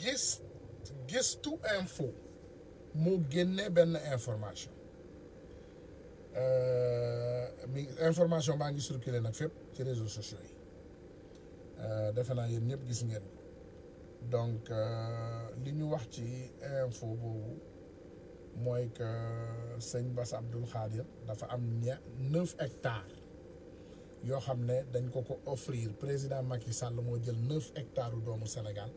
gis gistu info mu génne benn information euh, mi information baa ngi circulé nag fépp ci réseaux sociaux yi euh, defe naa yéen ñëpp gis ngeen ko donc euh, li ñu wax ci info boobu mooy que sëñ Bass Abdoul Khadir dafa am ña neuf hectares yoo xam ne dañ ko ko offrir président Macky Sall moo jël neuf hectares doomu Sénégal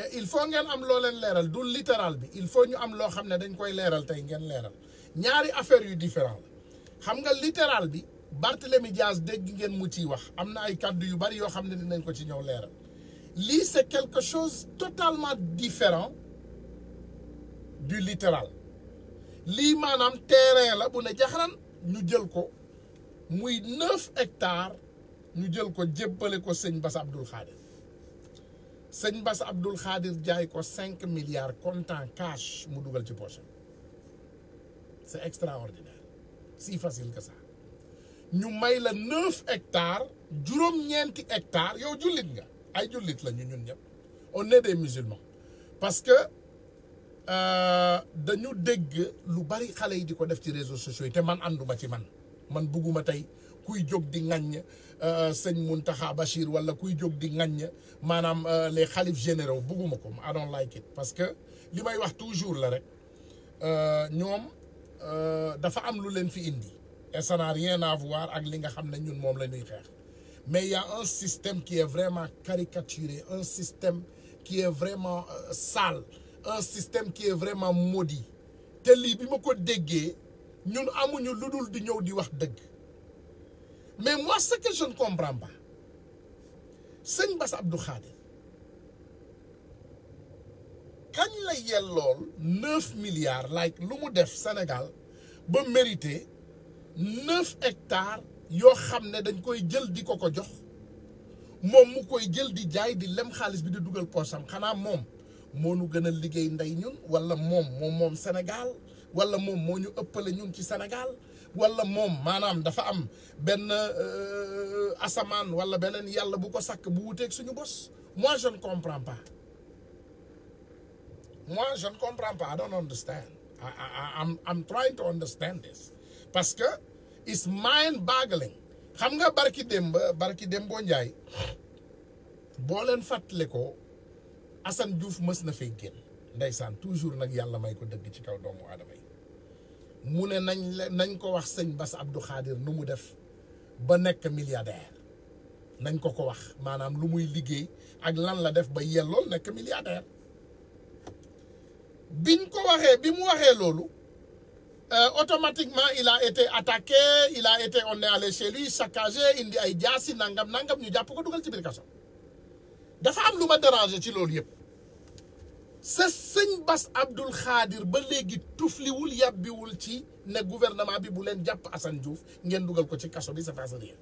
Eh, il faut ngeen am loo leen leeral du littéral bi il faut ñu am loo xam ne dañ koy leeral tey ngeen leeral ñaari affaire yu différent la xam nga littéral bi Barthélemy Diaz dégg ngeen mu ciy wax am na ay kàddu yu bari yoo xam ne di nañ ko ci ñëw leeral lii c'est quelque chose totalement différent du littéral lii maanaam terrain la bu ne jaxaran ñu jël ko muy neuf ñu jël ko jébbale ko sëñ Bass Abdoul Khadir sëñ mbas Abdoul Khadir jaay ko cinq milliards comptant cash mu dugal ci poche c'est extraordinaire si facile que ça ñu may la neuf hectares juróom-ñeenti hectares yow jullit nga ay jullit la ñu ñun ñëpp on est des musulmans parce que euh, dañu dégg lu bari xale yi di ko def ci réseaux sociaux yi te man ànduma ci man man bugguma tey kuy jóg di ŋaññ euh, sëñ Mountakha Bachir wala kuy jóg di ŋaññ maanaam euh, les xalif généraux bugguma ko I don't like it parce que li may wax toujours la rek euh, ñoom dafa am lu leen fi indi et ça n'a rien à ak li nga xam ne ñun moom la ñuy xeex mais il un système qui est vraiment caricaturé un système qui est vraiment sale un système qui est vraiment maudit te lii bi ma ko déggee ñun amuñu lu dul di ñëw di wax dëgg Mais moi, ce que je ne sëñ Bass Abdou Khadre kañ la yellool neuf milliards like lu mu def senegal ba mérité neuf hectares yoo xam ne dañ koy jël di ko ko jox moom mu koy jël di jaay di lem xaalis bi di dugal poosam xanaa moom moo nu gën a liggéey ndey ñun walla moom moom moom Sénégal walla moom moo ñu ëppale ñun ci senegal wala moom maanaam dafa am benn euh, asamaan wala beneen yàlla bu ko sakk bu wuteeg suñu bos moi je ne comprends pas moi je ne comprends pas I don't understand I, I, I'm, trying to understand this parce que it's mind boggling xam nga barki démb barki démb boo njaay boo leen fàttale ko Assane Diouf mës na fee génn ndeysaan toujours nag yàlla may ko dëgg ci kaw doomu aadama yi mu ne nañ nañ ko wax sëñ Bass Abdou Khadir nu mu def ba nekk milliardaire nañ ko ko wax maanaam lu muy liggéey ak lan la def ba yellool nekk milliardaire biñ ko waxee bi mu waxee loolu euh, automatiquement il a été attaqué il a été on est allé chez lui saccagé indi ay jaasi nangam nangam ñu jàpp ko dugal ci biir dafa am lu ma dérangé ci loolu yëpp sa sëñ Bass Abdoul Khadir ba léegi tufliwul yàbbiwul ci ne gouvernement bi bu leen jàpp Assane Diouf ngeen dugal ko ci kaso bi ça passe rien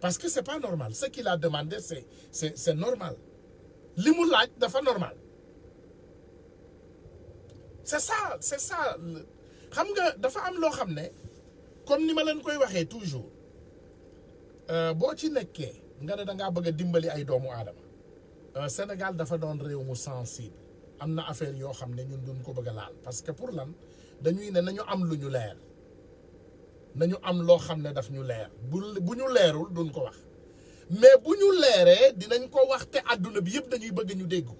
parce que c'est pas normal ce qu'il a demandé c'est c'est c'est normal li mu laaj dafa normal c'est ça c'est ça xam nga dafa am loo xam ne kon ni ma leen koy waxee toujours euh, boo ci nekkee nga ne da ngaa bëgg dimbali ay doomu aadama euh, Sénégal dafa doon réew mu sensible am na affaire yoo xam ne ñun duñ ko bëgg a laal parce que pour lan dañuy ne nañu am lu ñu leer nañu am loo xam ne daf ñu leer bu bu ñu leerul duñ ko wax mais bu ñu leeree dinañ ko wax te àdduna bi yëpp dañuy bëgg ñu déggu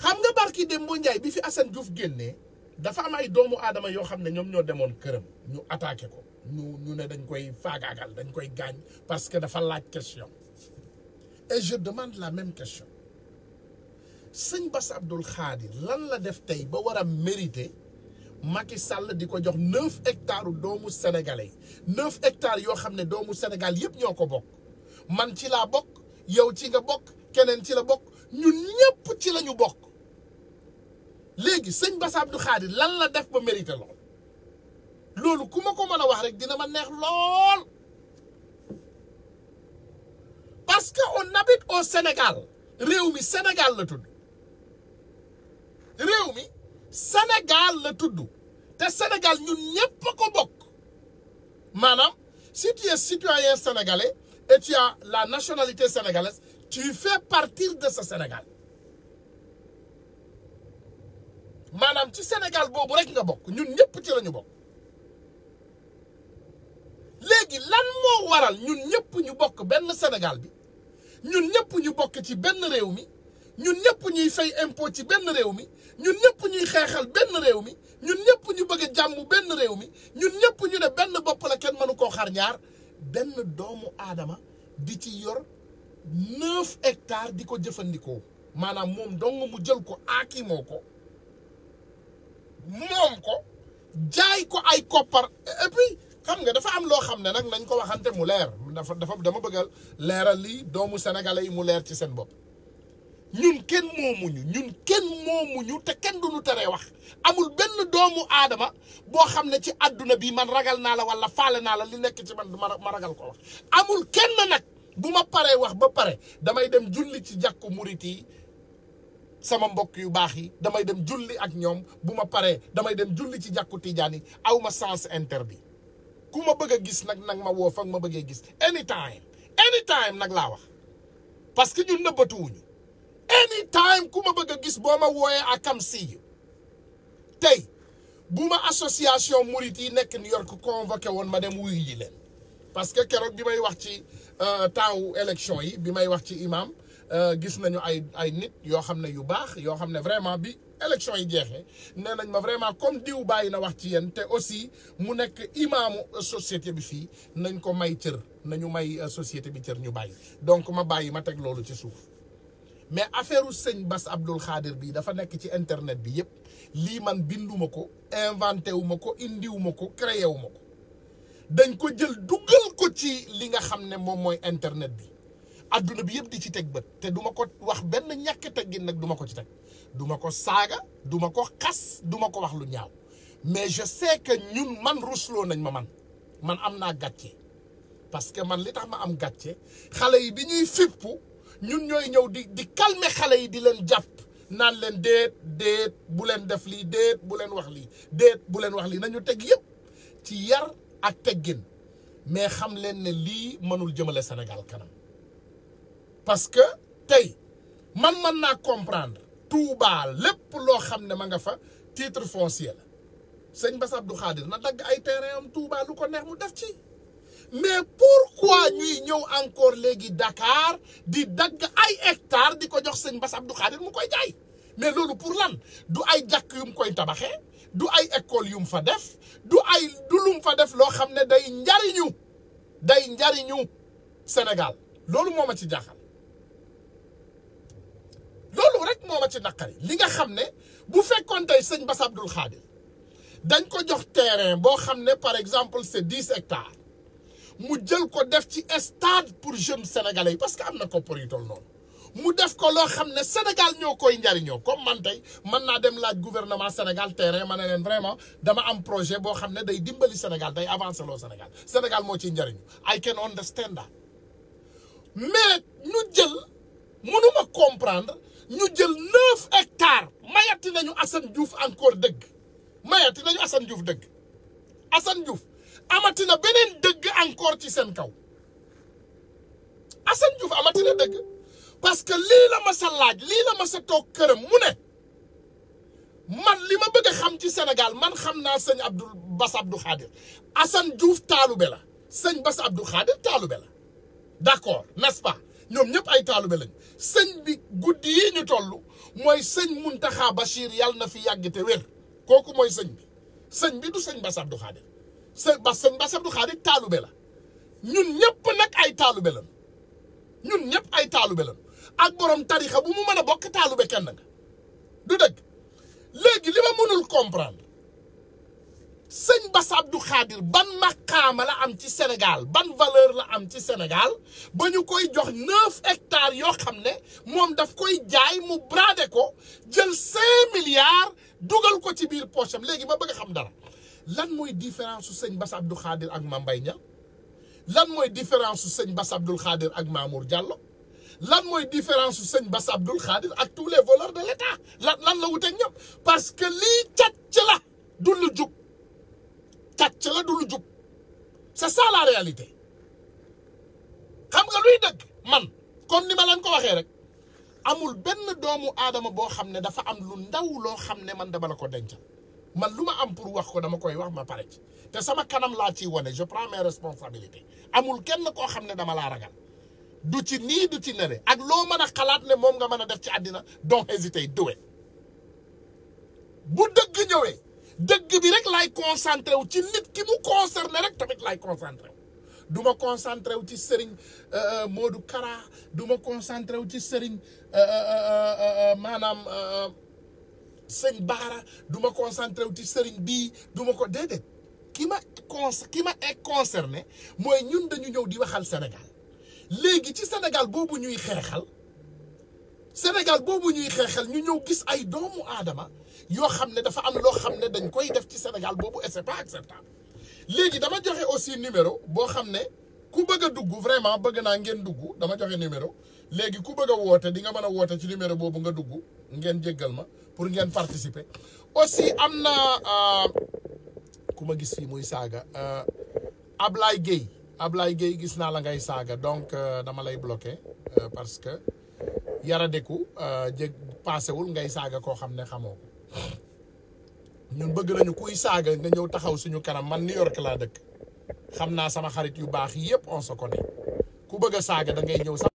xam nga barki Demba Ndiaye bi fi Assane Diouf génnee dafa am ay doomu aadama yoo xam ne ñoom ñoo demoon këram ñu attaqué ko ñu ñu ne dañ koy faagaagal dañ koy gaañ parce que dafa laaj question et je demande la même question. sëñ Bass Abdoul Khadir lan la def tey ba war a mérité Macky Sall di ko jox neuf hectares doomu sénégalais neuf hectares yoo xam ne doomu senegal yëpp ñoo ko bokk man ci laa bokk yow ci nga bokk keneen ci la bokk ñun ñëpp ci lañu bokk léegi sëñ Bass Abdoul lan la def ba mérité lool loolu ku ma ko mën a wax rek dina ma neex lool que on habite au Sénégal réew réew mi Sénégal la tudd te Sénégal ñun ñëpp a ko bokk maanaam si tu es citoyen la nationalité sénégalaise ci fais partir de ce Sénégal maanaam ci Sénégal boobu rek nga bokk ñun ñëpp ci la bokk léegi lan moo waral ñun ñëpp ñu bokk benn Sénégal bi ñun ñëpp ñu bokk ci benn réew mi. ñun ñëpp ñuy fay impôt ci benn réew mi ñun ñëpp ñuy xeexal benn réew mi ñun ñëpp ñu bëgg a jàmm benn réew mi ñun ñëpp ñu ne benn bopp la kenn mënu koo xarñaar ñaar benn doomu aadama di ci yor neuf hectares di ko jëfandikoo maanaam moom dong mu jël ko aakimoo ko moom ko jaay ko ay koppar et puis xam nga dafa am loo xam ne nag nañ ko waxante mu leer dafa dafa dama bëggal leeral lii doomu sénégalais yi mu leer ci seen bopp ñun kenn moomuñu ñun kenn moomuñu te kenn duñu teree wax amul benn doomu aadama boo xam ne ci àdduna bi man ragal naa la wala faale naa la li nekk ci man du ma ragal ko wax amul kenn nag bu ma paree wax ba pare damay dem julli ci jàkku murit yi sama mbokk yu baax yi damay dem julli ak ñoom bu ma paree damay dem julli ci jàkku tiijaan yi aw ma sens interdit ku ma bëgg a gis nag nag ma woo fa ma bëggee gis anytime anytime nag laa wax parce que ñun anytime ku ma bëgg a gis boo ma wooyee ak come si you tey bu ma association murit yi nekk New York convoqué woon ma dem wuyu leen parce que keroog bi may wax ci euh, temps élection yi bi may wax ci imam euh, gis nañu ay ay nit yoo xam ne yu baax yoo xam ne vraiment bi élection yi jeexee nee nañ ma vraiment comme diw bàyyi na wax ci yéen te aussi mu nekk imaamu euh, société bi fii nañ ko may cër nañu may société bi cër ñu bàyyi donc ma bàyyi ma teg loolu ci suuf mais affaire sëñ Bass Abdul Xaadir bi dafa nekk ci internet bi yëpp lii man binduma ko inventé wu ko indiwuma ko créé wu ko dañ ko jël dugal ko ci li nga xam ne moom mooy internet bi adduna bi yëpp di ci teg bët te duma ko wax benn ñàkk teggin nag duma ko ci teg duma ko saaga duma ko xas duma ko wax lu ñaaw mais je sais que ñun man rusloo nañ ma man man am naa gàcce parce que man li tax ma am gàcce xale yi bi ñuy fippu ñun ñooy ñëw di di calmer xale yi di leen jàpp naan leen déet déet bu leen def lii déet bu leen wax lii déet bu leen wax lii nañu teg yëpp ci yar ak teggin mais xam leen ne lii mënul jëmale senegal kanam parce que tey man man naa comprendre Touba lépp loo xam ne ma nga fa titre foncier la sëñ Bass du Khadir na dagg ay terrain am Touba lu ko neex mu def ci mais pourquoi ñuy ñëw encore léegi Dakar di dagg ay hectares di ko jox sëñ Bass Abdou Khadir mu koy jaay mais loolu pour lan du ay jàkk yu mu koy tabaxee du ay école yu mu fa def du ay du lu mu fa def loo xam ne day njariñu day njariñu Sénégal loolu moom ma ci jaaxal loolu rek moo ma ci naqari li nga xam ne bu fekkoon tey sëñ Bass Abdou Khadir dañ ko jox terrain boo xam ne par exemple c'est dix hectares mu jël ko def ci stade pour jeunes sénégalais yi parce que am na ko koppar yu toll noonu mu def ko loo xam ne Sénégal ñoo koy njariñoo comme man tey mën naa dem laaj gouvernement Sénégal terrain ma ne leen vraiment dama am projet boo xam ne day dimbali Sénégal day avancer loo Sénégal Sénégal moo ci njariñu I can understand that mais ñu jël mënuma comprendre ñu jël neuf hectares mayati nañu Assane Diouf encore dëgg mayati nañu Assane Diouf dëgg Assane Diouf amati na beneen dëgg encore ci seen kaw Assane Diouf amati dëgg parce que lii la ma sa laaj lii la ma sa toog këram mu ne man li ma bëgg a xam ci senegal man xam naa sëñ Abdou Bass Abdou Khadir Assane Diouf taalube la sëñ Bass Abdou Khadir taalube la d'accord nest ñoom ñëpp ay taalube lañu sëñ bi guddi yi ñu toll mooy sëñ Muntaxa Bachir yàlla na fi yàgg wér kooku mooy sëñ bi sëñ bi du sëñ Bass Abdou Khadir sëñ Ba sëñ Bass Abdou Khadre taalube la ñun ñëpp nag ay taalube lan ñun ñëpp ay taalube lan ak borom tarixa bu mu mën a bokk taalube kenn nga du dëgg léegi li ma mënul comprendre sëñ Bass Abdou Khadre ban maqaama la am ci Sénégal ban valeur la am ci Sénégal ba ñu koy jox neuf hectares yoo xam ne moom daf koy jaay mu brader ko jël cinq milliards dugal ko ci biir poche léegi ma bëgg a dara lan mooy différence su sëñ Bass Abdou Khadir ak Mame Mbaye Niang lan mooy différence su sëñ Bass Abdou Khadir ak Mamour Diallo lan mooy différence sëñ Bass Abdou Khadir ak tous les voleurs de l'État lan lan la wuteeg ñëpp parce que lii càcc la du lu jub càcc la du lu jub c'est ça la réalité xam nga luy dëgg man kon ni ma ko waxee rek amul benn doomu aadama boo xam ne dafa am lu ndaw loo xam ne man dama la ko dencal. man lu ma am pour wax ko dama koy wax ma pare ci te sama kanam laa ciy wane je prends mes responsabilités amul kenn koo xam ne dama laa ragal du ci nii du ci nere ak loo mën a xalaat ne moom nga mën a def ci àddina donc hésiter duwe bu dëgg ñëwee dëgg bi rek lay concentré wu ci nit ki mu concerné rek tamit lay concentré wu du ma concentré wu ci sëriñ euh, euh, Modou Kara du ma concentré wu ci sëriñ euh, maanaam sëñ Baara duma ma concentré wu ci sëriñ bii duma ko déedéet ki ma con ki ma est concerné mooy ñun dañu ñëw di waxal Sénégal léegi ci senegal boobu ñuy xeexal Sénégal boobu ñuy xeexal ñu ñëw gis ay doomu aadama yoo xam ne dafa am loo xam ne dañ koy def ci Sénégal boobu et c'est pas acceptable léegi dama joxe aussi numéro boo xam ne. ku bëgg a dugg vraiment bëgg naa ngeen dugg dama joxe numéro léegi ku bëgg a woote di nga mën a woote ci numéro boobu nga dugg ngeen jëggal ma pour ngeen participer aussi am na euh, ku ma gis fii muy saaga euh, Ablaye Gueye Ablaye Gueye gis naa la ngay saaga donc euh, dama lay bloqué parce que yaradeku jég paasewul ngay saaga koo xam ne xamoo ko ñun bëgg nañu kuy saaga nga ñëw taxaw suñu kanam man New York laa dëkk. xam naa sama xarit yu baax yi yëpp on se ku bëgg a saaga da ngay ñëw sax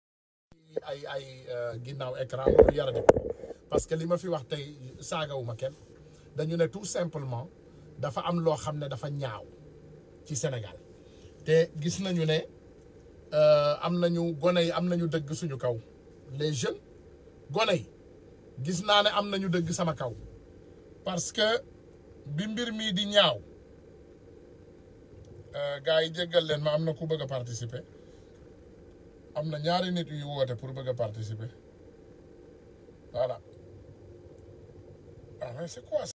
ay ay euh, ginnaaw écran loolu yara def parce que li ma fi wax tey saagawuma kenn dañu ne tout simplement dafa am loo xam ne dafa ñaaw ci Sénégal te gis nañu ne euh, am nañu gone yi am nañu dëgg suñu kaw les jeunes gone yi gis naa ne am nañu dëgg sama kaw parce que bi mbir mii di ñaaw Euh, gars yi jéggal leen ma am na ku bëgg participer am na ñaari nit yu woote pour bëgg a participer voilà ah,